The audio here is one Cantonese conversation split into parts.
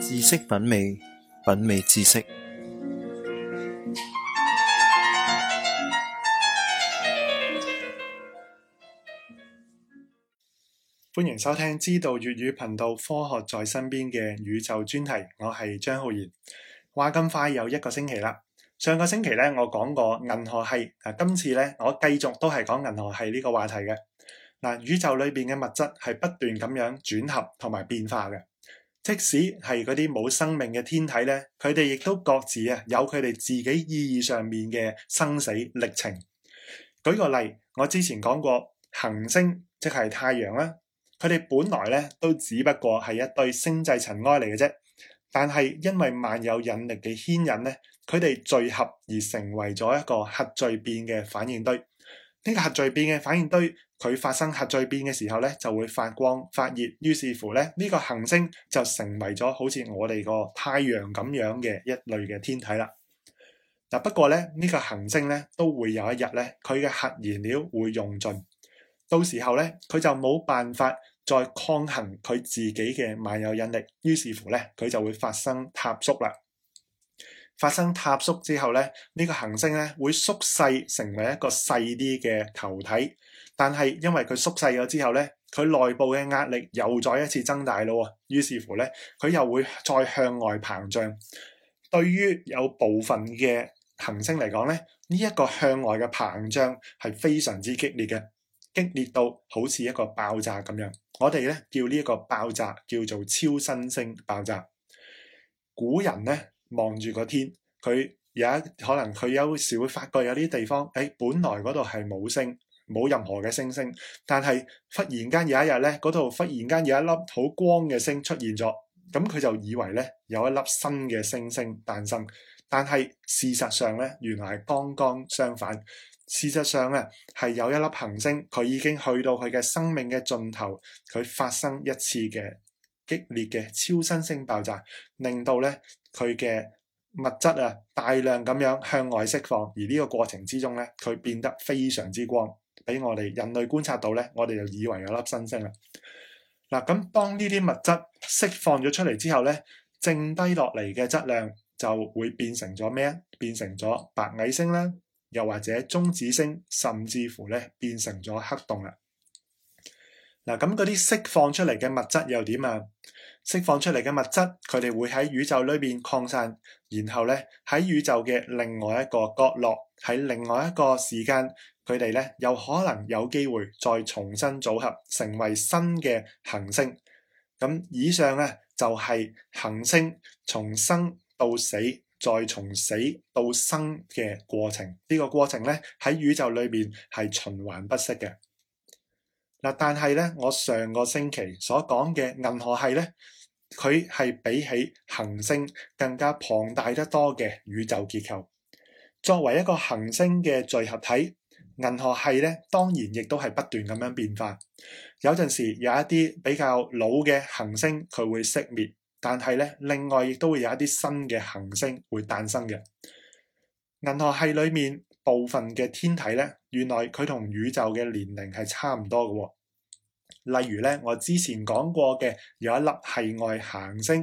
知識品味，品味知識。歡迎收聽知道粵語頻道《科學在身邊》嘅宇宙專題，我係張浩然。話咁快又一個星期啦，上個星期呢，我講過銀河系，今次呢，我繼續都係講銀河系呢個話題嘅。嗱，宇宙裏邊嘅物質係不斷咁樣轉合同埋變化嘅，即使係嗰啲冇生命嘅天體咧，佢哋亦都各自啊有佢哋自己意義上面嘅生死歷程。舉個例，我之前講過恒星，即係太陽啦，佢哋本來咧都只不過係一堆星際塵埃嚟嘅啫，但係因為萬有引力嘅牽引咧，佢哋聚合而成為咗一個核聚變嘅反應堆。呢個核聚變嘅反應堆，佢發生核聚變嘅時候咧，就會發光發熱，於是乎咧，呢個行星就成為咗好似我哋個太陽咁樣嘅一類嘅天體啦。嗱，不過咧，呢個行星咧都會有一日咧，佢嘅核燃料會用盡，到時候咧，佢就冇辦法再抗衡佢自己嘅萬有引力，於是乎咧，佢就會發生塌縮啦。發生塌縮之後咧，呢個行星咧會縮細成為一個細啲嘅球體，但係因為佢縮細咗之後咧，佢內部嘅壓力又再一次增大咯，於是乎咧，佢又會再向外膨脹。對於有部分嘅行星嚟講咧，呢一個向外嘅膨脹係非常之激烈嘅，激烈到好似一個爆炸咁樣。我哋咧叫呢一個爆炸叫做超新星爆炸。古人咧。望住個天，佢有一可能，佢有時會發覺有啲地方，誒、哎，本來嗰度係冇星，冇任何嘅星星，但係忽然間有一日咧，嗰度忽然間有一粒好光嘅星出現咗，咁佢就以為咧有一粒新嘅星星誕生，但係事實上咧，原來係剛剛相反，事實上呢，係有一粒恆星，佢已經去到佢嘅生命嘅盡頭，佢發生一次嘅。激烈嘅超新星爆炸，令到咧佢嘅物質啊大量咁樣向外釋放，而呢個過程之中咧，佢變得非常之光，俾我哋人類觀察到咧，我哋就以為有粒新星啦。嗱，咁當呢啲物質釋放咗出嚟之後咧，剩低落嚟嘅質量就會變成咗咩？變成咗白矮星啦，又或者中子星，甚至乎咧變成咗黑洞啦。嗱，咁嗰啲釋放出嚟嘅物質又點啊？釋放出嚟嘅物質，佢哋會喺宇宙裏面擴散，然後咧喺宇宙嘅另外一個角落，喺另外一個時間，佢哋咧又可能有機會再重新組合，成為新嘅恆星。咁、嗯、以上咧就係、是、恆星從生到死，再從死到生嘅過程。呢、這個過程咧喺宇宙裏面係循環不息嘅。嗱，但係咧，我上個星期所講嘅銀河系咧，佢係比起恒星更加龐大得多嘅宇宙結構。作為一個恒星嘅聚合體，銀河系咧，當然亦都係不斷咁樣變化。有陣時有一啲比較老嘅恒星佢會熄滅，但係咧，另外亦都會有一啲新嘅恒星會誕生嘅。銀河系裏面部分嘅天體咧，原來佢同宇宙嘅年齡係差唔多嘅。哦，例如咧，我之前講過嘅有一粒系外行星，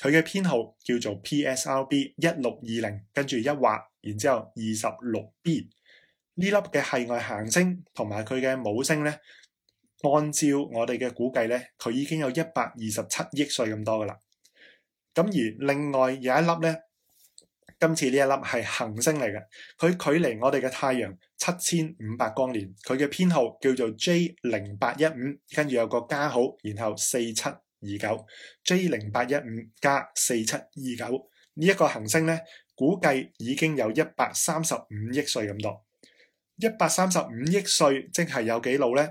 佢嘅編號叫做 PSR B 一六二零，跟住一劃，然之後二十六 B 呢粒嘅系外行星同埋佢嘅母星咧，按照我哋嘅估計咧，佢已經有一百二十七億歲咁多㗎啦。咁而另外有一粒咧。今次呢一粒係恆星嚟嘅，佢距離我哋嘅太陽七千五百光年，佢嘅編號叫做 J 零八一五，跟住有個加號，然後四七二九，J 零八一五加四七二九呢一個恆星呢，估計已經有一百三十五億歲咁多，一百三十五億歲即係有幾老呢？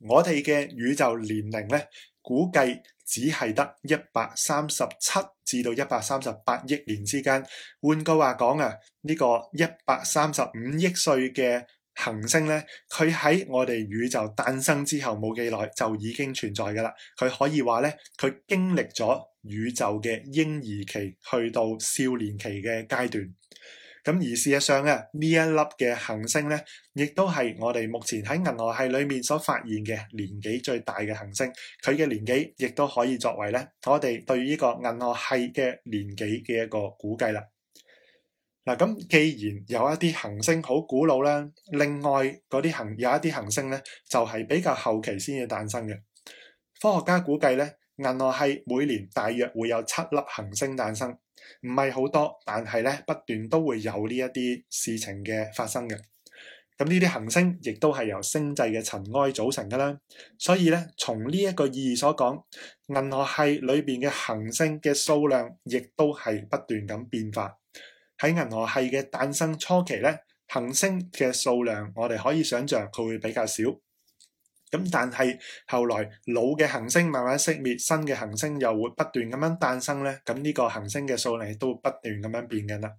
我哋嘅宇宙年齡呢，估計只係得一百三十七至到一百三十八億年之間。換句話講啊，呢、這個一百三十五億歲嘅恆星咧，佢喺我哋宇宙誕生之後冇幾耐就已經存在噶啦。佢可以話咧，佢經歷咗宇宙嘅嬰兒期，去到少年期嘅階段。咁而事實上啊，呢一粒嘅恆星咧，亦都係我哋目前喺銀河系裏面所發現嘅年紀最大嘅恆星，佢嘅年紀亦都可以作為咧，我哋對於呢個銀河系嘅年紀嘅一個估計啦。嗱，咁既然有一啲恆星好古老啦，另外嗰啲恆有一啲恆星咧，就係比較後期先至誕生嘅。科學家估計咧，銀河系每年大約會有七粒恆星誕生。唔係好多，但係咧，不斷都會有呢一啲事情嘅發生嘅。咁呢啲行星亦都係由星際嘅塵埃組成㗎啦，所以咧，從呢一個意義所講，銀河系裏邊嘅行星嘅數量亦都係不斷咁變化。喺銀河系嘅誕生初期咧，行星嘅數量我哋可以想象佢會比較少。咁但係後來老嘅行星慢慢熄滅，新嘅行星又會不斷咁樣誕生咧。咁呢個行星嘅數量都會不斷咁樣變緊啦。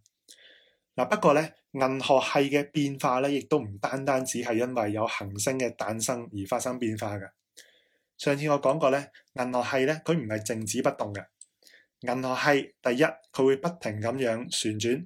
嗱，不過咧，銀河系嘅變化咧，亦都唔單單只係因為有行星嘅誕生而發生變化嘅。上次我講過咧，銀河系咧，佢唔係靜止不動嘅。銀河系第一佢會不停咁樣旋轉。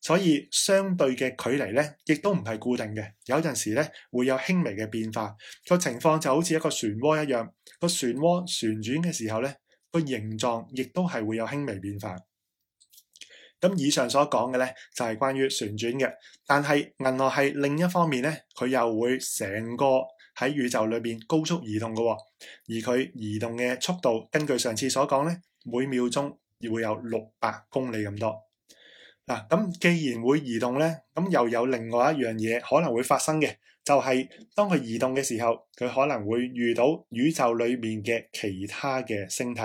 所以相對嘅距離咧，亦都唔係固定嘅，有陣時咧會有輕微嘅變化。個情況就好似一個漩渦一樣，個漩渦旋轉嘅時候咧，個形狀亦都係會有輕微變化。咁以上所講嘅咧就係關於旋轉嘅，但係銀河系另一方面咧，佢又會成個喺宇宙裏面高速移動喎。而佢移動嘅速度，根據上次所講咧，每秒鐘會有六百公里咁多。嗱，咁既然會移動呢，咁又有另外一樣嘢可能會發生嘅，就係當佢移動嘅時候，佢可能會遇到宇宙裏面嘅其他嘅星體。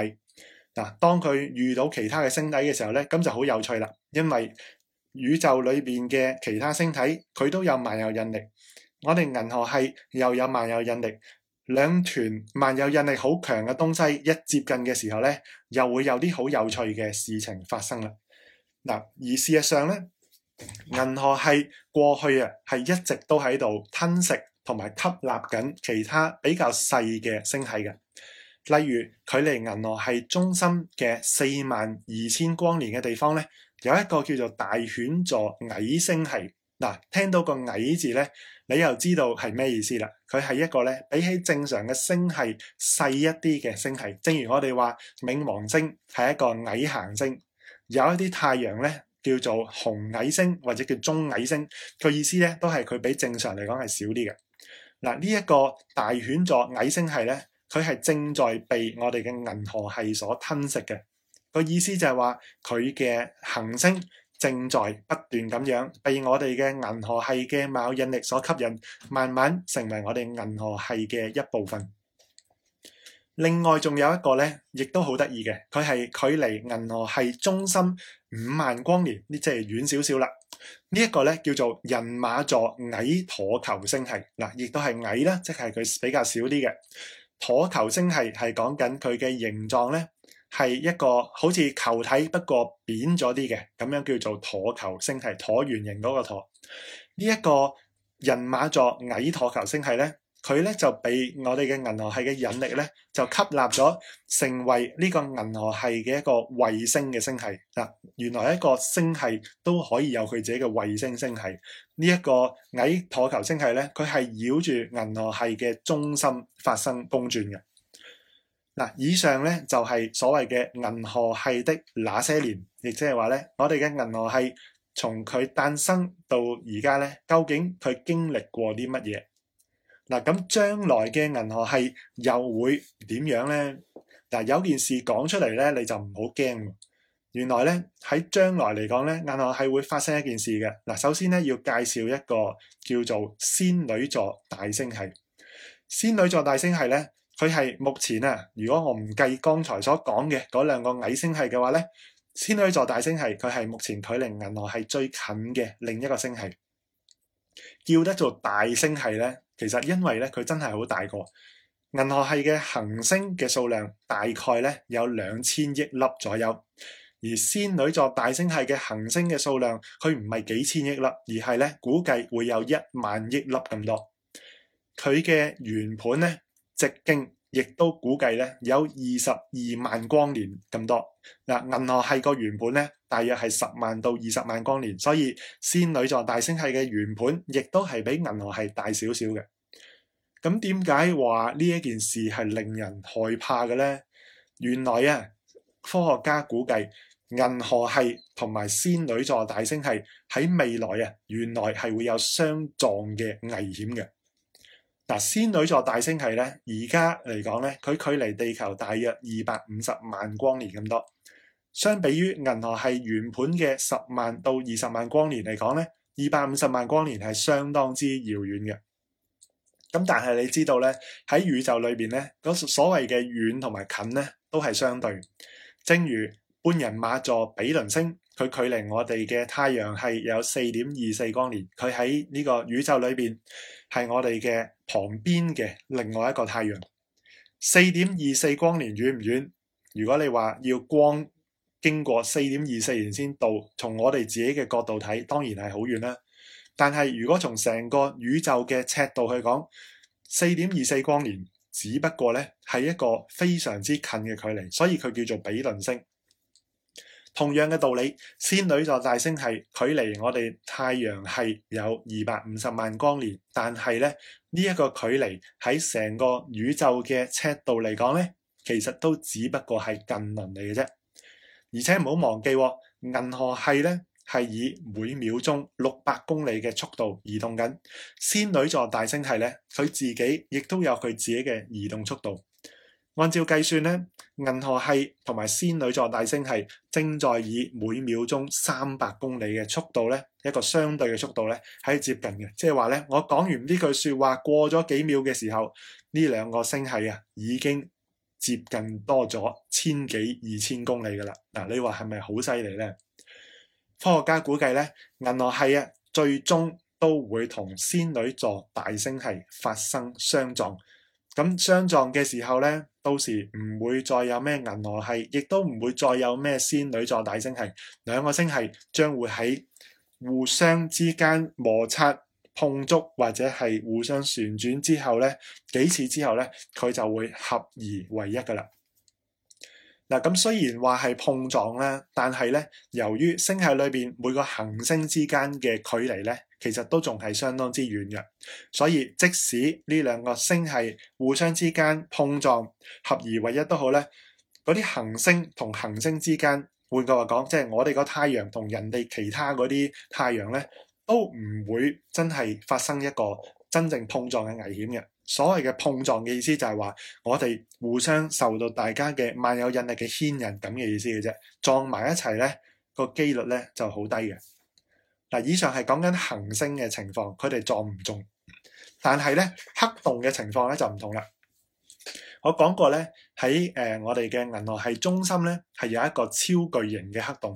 嗱，當佢遇到其他嘅星體嘅時候呢，咁就好有趣啦，因為宇宙裏面嘅其他星體佢都有萬有引力，我哋銀河系又有萬有引力，兩團萬有引力好強嘅東西一接近嘅時候呢，又會有啲好有趣嘅事情發生啦。嗱，而事實上咧，銀河系過去啊，係一直都喺度吞食同埋吸納緊其他比較細嘅星系嘅。例如，距離銀河系中心嘅四萬二千光年嘅地方咧，有一個叫做大犬座矮星系。嗱，聽到個矮字咧，你又知道係咩意思啦？佢係一個咧比起正常嘅星系細一啲嘅星系。正如我哋話，冥王星係一個矮行星。有一啲太陽咧，叫做紅矮星或者叫棕矮星，個意思咧都係佢比正常嚟講係少啲嘅。嗱，呢一個大犬座矮星系咧，佢係正在被我哋嘅銀河系所吞食嘅。個意思就係話佢嘅恆星正在不斷咁樣被我哋嘅銀河系嘅某引力所吸引，慢慢成為我哋銀河系嘅一部分。另外仲有一個咧，亦都好得意嘅，佢係距離銀河系中心五萬光年，呢即係遠少少啦。呢一個咧叫做人馬座矮橢球星系，嗱，亦都係矮啦，即係佢比較少啲嘅橢球星系，係講緊佢嘅形狀咧，係一個好似球體不過扁咗啲嘅，咁樣叫做橢球星系，橢圓形嗰個橢。呢一個人馬座矮橢球星系咧，佢咧就畀我哋嘅銀河系嘅引力咧，就吸納咗，成為呢個銀河系嘅一個衛星嘅星系嗱。原來一個星系都可以有佢自己嘅衛星星系。呢、這、一個矮橢球星系咧，佢係繞住銀河系嘅中心發生公轉嘅嗱。以上咧就係、是、所謂嘅銀河系的那些年，亦即係話咧，我哋嘅銀河系從佢誕生到而家咧，究竟佢經歷過啲乜嘢？嗱，咁將來嘅銀河系又會點樣呢？嗱，有件事講出嚟呢，你就唔好驚。原來呢，喺將來嚟講呢，銀河系會發生一件事嘅。嗱，首先呢，要介紹一個叫做仙女座大星系。仙女座大星系呢，佢係目前啊，如果我唔計剛才所講嘅嗰兩個矮星系嘅話呢，仙女座大星系佢係目前距離銀河系最近嘅另一個星系，叫得做大星系呢。其實因為咧，佢真係好大個，銀河系嘅恒星嘅數量大概咧有兩千億粒左右，而仙女座大星系嘅恒星嘅數量，佢唔係幾千億粒，而係咧估計會有一萬億粒咁多，佢嘅圓盤咧直徑。亦都估計咧有二十二萬光年咁多嗱，銀河系個圓盤咧，大約係十萬到二十萬光年，所以仙女座大星系嘅圓盤亦都係比銀河系大少少嘅。咁點解話呢一件事係令人害怕嘅咧？原來啊，科學家估計銀河系同埋仙女座大星系喺未來啊，原來係會有相撞嘅危險嘅。仙女座大星系咧，而家嚟講咧，佢距離地球大約二百五十萬光年咁多。相比於銀河系原盤嘅十萬到二十萬光年嚟講咧，二百五十萬光年係相當之遙遠嘅。咁但係你知道咧，喺宇宙裏邊咧，嗰所謂嘅遠同埋近咧都係相對，正如半人馬座比鄰星。佢距離我哋嘅太陽系有四點二四光年，佢喺呢個宇宙裏邊係我哋嘅旁邊嘅另外一個太陽。四點二四光年遠唔遠？如果你話要光經過四點二四年先到，從我哋自己嘅角度睇，當然係好遠啦。但係如果從成個宇宙嘅尺度去講，四點二四光年，只不過呢係一個非常之近嘅距離，所以佢叫做比鄰星。同樣嘅道理，仙女座大星系距離我哋太陽系有二百五十萬光年，但係咧呢一個距離喺成個宇宙嘅尺度嚟講咧，其實都只不過係近鄰嚟嘅啫。而且唔好忘記、哦，銀河系咧係以每秒鐘六百公里嘅速度移動緊，仙女座大星系咧佢自己亦都有佢自己嘅移動速度，按照計算咧。銀河系同埋仙女座大星系正在以每秒鐘三百公里嘅速度咧，一個相對嘅速度咧，係接近嘅，即係話咧，我講完呢句說話過咗幾秒嘅時候，呢兩個星系啊已經接近多咗千幾二千公里㗎喇，嗱，你話係咪好犀利咧？科學家估計咧，銀河系啊最終都會同仙女座大星系發生相撞。咁相撞嘅時候咧，到時唔會再有咩銀河系，亦都唔會再有咩仙女座大星系，兩個星系將會喺互相之間摩擦、碰觸或者係互相旋轉之後咧，幾次之後咧，佢就會合而為一㗎啦。嗱，咁雖然話係碰撞啦，但係咧，由於星系裏邊每個恒星之間嘅距離咧，其實都仲係相當之遠嘅，所以即使呢兩個星系互相之間碰撞，合而為一都好咧，嗰啲恒星同恒星之間，換句話講，即係我哋個太陽同人哋其他嗰啲太陽咧，都唔會真係發生一個真正碰撞嘅危險嘅。所謂嘅碰撞嘅意思就係話，我哋互相受到大家嘅萬有引力嘅牽引，咁嘅意思嘅啫。撞埋一齊咧，個機率咧就好低嘅。嗱，以上係講緊行星嘅情況，佢哋撞唔中。但係咧，黑洞嘅情況咧就唔同啦。我講過咧，喺誒、呃、我哋嘅銀河系中心咧，係有一個超巨型嘅黑洞。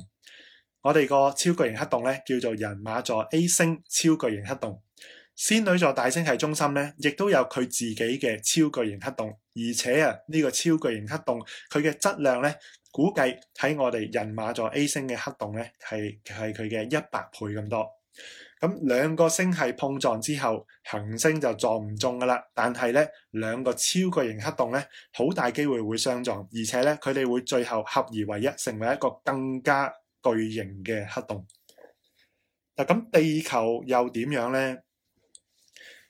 我哋個超巨型黑洞咧，叫做人馬座 A 星超巨型黑洞。仙女座大星系中心咧，亦都有佢自己嘅超巨型黑洞，而且啊，呢個超巨型黑洞佢嘅質量咧，估計喺我哋人馬座 A 星嘅黑洞咧係係佢嘅一百倍咁多。咁兩個星系碰撞之後，行星就撞唔中噶啦，但係咧兩個超巨型黑洞咧好大機會會相撞，而且咧佢哋會最後合而為一，成為一個更加巨型嘅黑洞。嗱，咁地球又點樣咧？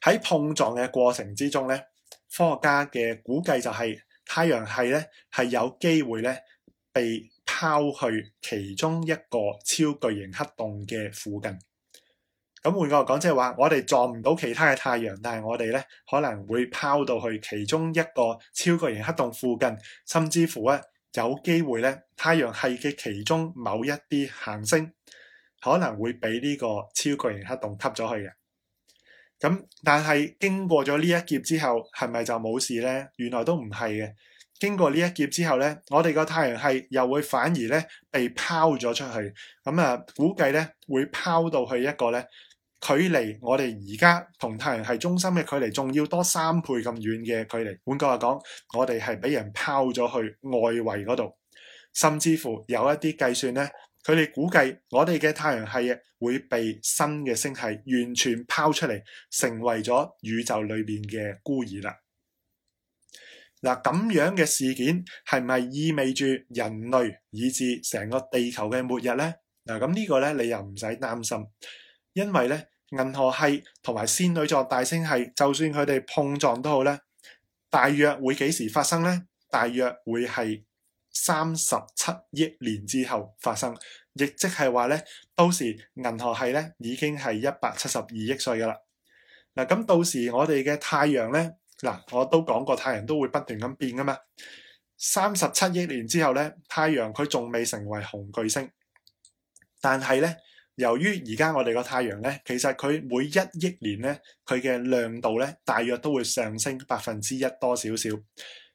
喺碰撞嘅過程之中咧，科學家嘅估計就係太陽系咧係有機會咧被拋去其中一個超巨型黑洞嘅附近。咁換句話講，即係話我哋撞唔到其他嘅太陽，但係我哋咧可能會拋到去其中一個超巨型黑洞附近，甚至乎咧有機會咧太陽系嘅其中某一啲行星可能會俾呢個超巨型黑洞吸咗去嘅。咁、嗯、但係經過咗呢一劫之後，係咪就冇事呢？原來都唔係嘅。經過呢一劫之後呢，我哋個太陽系又會反而呢被拋咗出去。咁、嗯、啊，估計呢會拋到去一個呢距離我哋而家同太陽系中心嘅距離，仲要多三倍咁遠嘅距離。換句話講，我哋係俾人拋咗去外圍嗰度，甚至乎有一啲計算呢。佢哋估計我哋嘅太陽系會被新嘅星系完全拋出嚟，成為咗宇宙裏邊嘅孤兒啦。嗱，咁樣嘅事件係咪意味住人類以至成個地球嘅末日呢？嗱，咁呢個呢，你又唔使擔心，因為呢銀河系同埋仙女座大星系就算佢哋碰撞都好呢，大約會幾時發生呢？大約會係。三十七億年之後發生，亦即係話咧，到時銀河系咧已經係一百七十二億歲噶啦。嗱，咁到時我哋嘅太陽咧，嗱，我都講過太陽都會不斷咁變噶嘛。三十七億年之後咧，太陽佢仲未成為紅巨星，但係咧，由於而家我哋個太陽咧，其實佢每一億年咧，佢嘅亮度咧，大約都會上升百分之一多少少。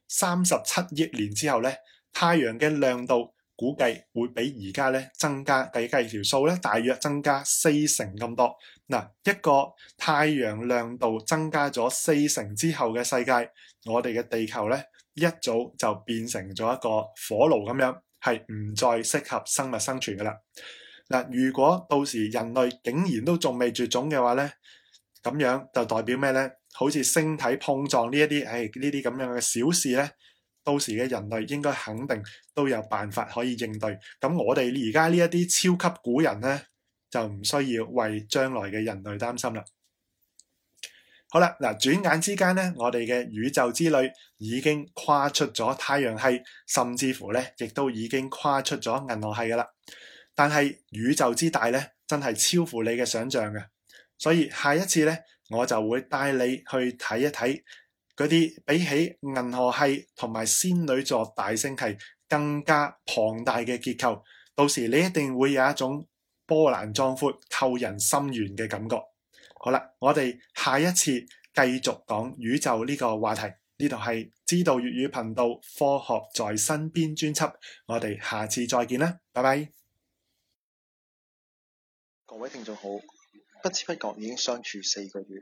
三十七億年之後咧。太陽嘅亮度估計會比而家咧增加，計計條數咧大約增加四成咁多。嗱，一個太陽亮度增加咗四成之後嘅世界，我哋嘅地球咧一早就變成咗一個火爐咁樣，係唔再適合生物生存噶啦。嗱，如果到時人類竟然都仲未絕種嘅話咧，咁樣就代表咩咧？好似星體碰撞呢一啲，唉呢啲咁樣嘅小事咧。到時嘅人類應該肯定都有辦法可以應對，咁我哋而家呢一啲超級古人呢，就唔需要為將來嘅人類擔心啦。好啦，嗱，轉眼之間呢，我哋嘅宇宙之旅已經跨出咗太陽系，甚至乎呢亦都已經跨出咗銀河系㗎啦。但係宇宙之大呢，真係超乎你嘅想象嘅，所以下一次呢，我就會帶你去睇一睇。嗰啲比起銀河系同埋仙女座大星系更加龐大嘅結構，到時你一定會有一種波瀾壯闊、扣人心弦嘅感覺。好啦，我哋下一次繼續講宇宙呢個話題。呢度係知道粵語頻道《科學在身邊》專輯，我哋下次再見啦，拜拜。各位聽眾好，不知不覺已經相處四個月。